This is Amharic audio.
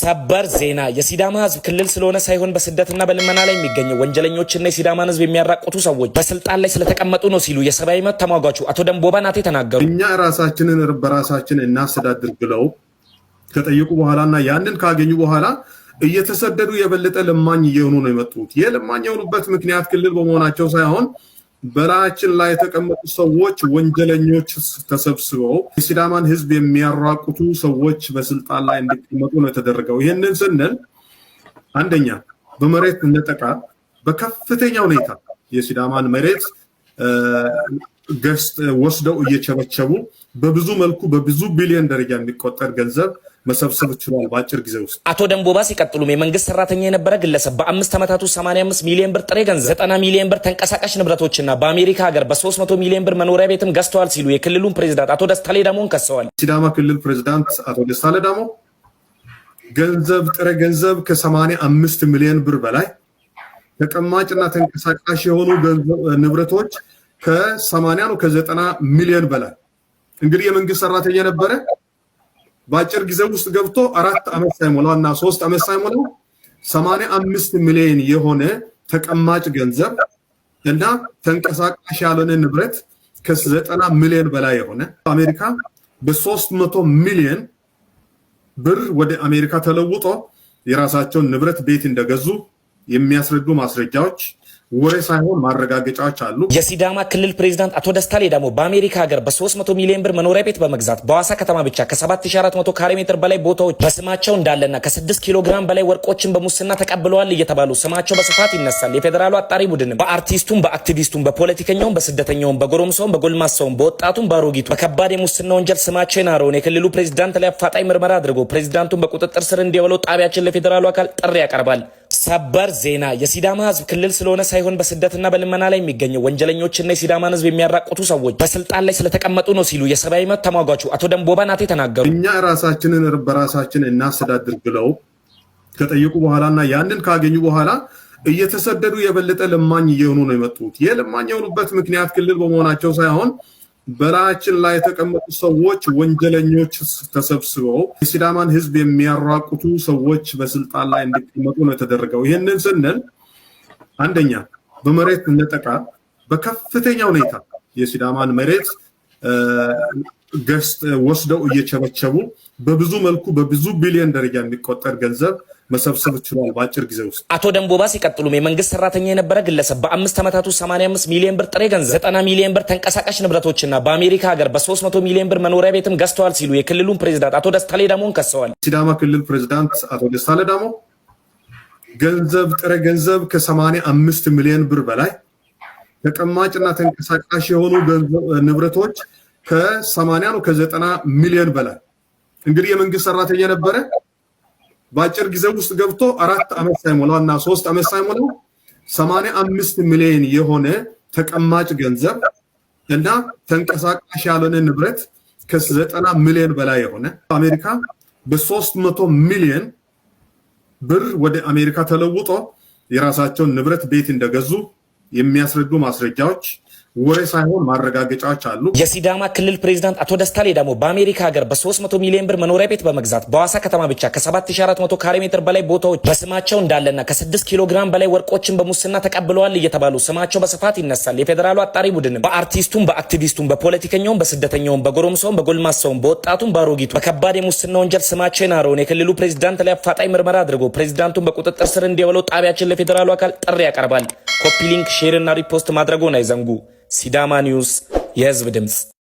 ሰበር ዜና የሲዳማ ህዝብ ክልል ስለሆነ ሳይሆን በስደትና በልመና ላይ የሚገኘው ወንጀለኞችና የሲዳማን ህዝብ የሚያራቁቱ ሰዎች በስልጣን ላይ ስለተቀመጡ ነው ሲሉ የሰብአዊ መብት ተሟጓቹ አቶ ደንቦባ ናቴ ተናገሩ። እኛ ራሳችንን በራሳችን እናስተዳድር ብለው ከጠየቁ በኋላና ያንን ካገኙ በኋላ እየተሰደዱ የበለጠ ለማኝ እየሆኑ ነው የመጡት። ይህ ለማኝ የሆኑበት ምክንያት ክልል በመሆናቸው ሳይሆን በላያችን ላይ የተቀመጡ ሰዎች ወንጀለኞች ተሰብስበው የሲዳማን ህዝብ የሚያራቁቱ ሰዎች በስልጣን ላይ እንዲቀመጡ ነው የተደረገው። ይህንን ስንል አንደኛ በመሬት ነጠቃ በከፍተኛ ሁኔታ የሲዳማን መሬት ገስ ወስደው እየቸበቸቡ በብዙ መልኩ በብዙ ቢሊዮን ደረጃ የሚቆጠር ገንዘብ መሰብሰብ ችሏል በአጭር ጊዜ ውስጥ። አቶ ደንቦባ ሲቀጥሉም የመንግስት ሰራተኛ የነበረ ግለሰብ በአምስት ዓመታት ውስጥ 85 ሚሊዮን ብር ጥሬ ገንዘብ፣ 90 ሚሊዮን ብር ተንቀሳቃሽ ንብረቶችና በአሜሪካ ሀገር በ300 ሚሊዮን ብር መኖሪያ ቤትም ገዝተዋል ሲሉ የክልሉን ፕሬዚዳንት አቶ ደስታ ሌዳሞን ከሰዋል። ሲዳማ ክልል ፕሬዚዳንት አቶ ደስታ ሌዳሞ ገንዘብ ጥሬ ገንዘብ ከ85 ሚሊዮን ብር በላይ ተቀማጭና ተንቀሳቃሽ የሆኑ ንብረቶች ከ80 ነው ከ90 ሚሊዮን በላይ እንግዲህ የመንግስት ሰራተኛ ነበረ በአጭር ጊዜ ውስጥ ገብቶ አራት ዓመት ሳይሞላ እና ሶስት ዓመት ሳይሞላው ሰማንያ አምስት ሚሊዮን የሆነ ተቀማጭ ገንዘብ እና ተንቀሳቃሽ ያልሆነ ንብረት ከዘጠና ሚሊዮን በላይ የሆነ አሜሪካ በሶስት መቶ ሚሊዮን ብር ወደ አሜሪካ ተለውጦ የራሳቸውን ንብረት ቤት እንደገዙ የሚያስረዱ ማስረጃዎች ወሬ ሳይሆን ማረጋገጫዎች አሉ። የሲዳማ ክልል ፕሬዚዳንት አቶ ደስታ ሌዳሞ በአሜሪካ ሀገር በ300 ሚሊዮን ብር መኖሪያ ቤት በመግዛት በሐዋሳ ከተማ ብቻ ከ7400 ካሬ ሜትር በላይ ቦታዎች በስማቸው እንዳለና ከ6 ኪሎ ግራም በላይ ወርቆችን በሙስና ተቀብለዋል እየተባሉ ስማቸው በስፋት ይነሳል። የፌዴራሉ አጣሪ ቡድንም በአርቲስቱም፣ በአክቲቪስቱም፣ በፖለቲከኛውም፣ በስደተኛውም፣ በጎረምሳውም፣ በጎልማሳውም፣ በወጣቱም፣ በአሮጊቱ በከባድ የሙስና ወንጀል ስማቸው የናረውን የክልሉ ፕሬዚዳንት ላይ አፋጣኝ ምርመራ አድርጎ ፕሬዚዳንቱን በቁጥጥር ስር እንዲያውለው ጣቢያችን ለፌዴራሉ አካል ጥሪ ያቀርባል። ሰበር ዜና የሲዳማ ህዝብ ክልል ስለሆነ ሳይሆን በስደትና በልመና ላይ የሚገኘው ወንጀለኞችና የሲዳማን ህዝብ የሚያራቁቱ ሰዎች በስልጣን ላይ ስለተቀመጡ ነው ሲሉ የሰብአዊ መብት ተሟጓቹ አቶ ደንቦባ ናቴ ተናገሩ። እኛ ራሳችንን በራሳችን እናስተዳድር ብለው ከጠየቁ በኋላ እና ያንን ካገኙ በኋላ እየተሰደዱ የበለጠ ለማኝ እየሆኑ ነው የመጡት። ይህ ለማኝ የሆኑበት ምክንያት ክልል በመሆናቸው ሳይሆን በላያችን ላይ የተቀመጡ ሰዎች ወንጀለኞች ተሰብስበው የሲዳማን ህዝብ የሚያራቁቱ ሰዎች በስልጣን ላይ እንዲቀመጡ ነው የተደረገው። ይህንን ስንል አንደኛ በመሬት ነጠቃ በከፍተኛ ሁኔታ የሲዳማን መሬት ገስ ወስደው እየቸበቸቡ በብዙ መልኩ በብዙ ቢሊዮን ደረጃ የሚቆጠር ገንዘብ መሰብሰብ ችሏል በአጭር ጊዜ ውስጥ። አቶ ደንቦባ ሲቀጥሉም የመንግስት ሰራተኛ የነበረ ግለሰብ በአምስት ዓመታት ውስጥ 85 ሚሊዮን ብር ጥሬ ገንዘብ፣ 90 ሚሊዮን ብር ተንቀሳቃሽ ንብረቶችና በአሜሪካ ሀገር በ300 ሚሊዮን ብር መኖሪያ ቤትም ገዝተዋል ሲሉ የክልሉን ፕሬዚዳንት አቶ ደስታ ሌዳሞን ከሰዋል። ሲዳማ ክልል ፕሬዚዳንት አቶ ደስታ ሌዳሞ ገንዘብ ጥሬ ገንዘብ ከ85 ሚሊዮን ብር በላይ ተቀማጭና ተንቀሳቃሽ የሆኑ ንብረቶች ከ80 ነው ከ90 ሚሊዮን በላይ እንግዲህ የመንግስት ሰራተኛ ነበረ በአጭር ጊዜ ውስጥ ገብቶ አራት ዓመት ሳይሞላው እና ሶስት ዓመት ሳይሞላው ሰማንያ አምስት ሚሊዮን የሆነ ተቀማጭ ገንዘብ እና ተንቀሳቃሽ ያልሆነ ንብረት ከዘጠና ሚሊዮን በላይ የሆነ አሜሪካ በሶስት መቶ ሚሊዮን ብር ወደ አሜሪካ ተለውጦ የራሳቸውን ንብረት ቤት እንደገዙ የሚያስረዱ ማስረጃዎች ወሬ ሳይሆን ማረጋገጫዎች አሉ። የሲዳማ ክልል ፕሬዚዳንት አቶ ደስታ ሌዳሞ በአሜሪካ ሀገር በ300 ሚሊዮን ብር መኖሪያ ቤት በመግዛት በሐዋሳ ከተማ ብቻ ከ7400 ካሬ ሜትር በላይ ቦታዎች በስማቸው እንዳለና ከ6 ኪሎ ግራም በላይ ወርቆችን በሙስና ተቀብለዋል እየተባሉ ስማቸው በስፋት ይነሳል። የፌዴራሉ አጣሪ ቡድንም በአርቲስቱም፣ በአክቲቪስቱም፣ በፖለቲከኛውም፣ በስደተኛውም፣ በጎረምሳውም፣ በጎልማሳውም፣ በወጣቱም፣ በአሮጊቱ በከባድ የሙስና ወንጀል ስማቸው የናረውን የክልሉ ፕሬዚዳንት ላይ አፋጣኝ ምርመራ አድርጎ ፕሬዚዳንቱን በቁጥጥር ስር እንዲያውለው ጣቢያችን ለፌዴራሉ አካል ጥሪ ያቀርባል። ኮፒ ሊንክ፣ ሼርና ሪፖስት ማድረጉን አይዘንጉ። ሲዳማ ኒውስ የህዝብ ድምፅ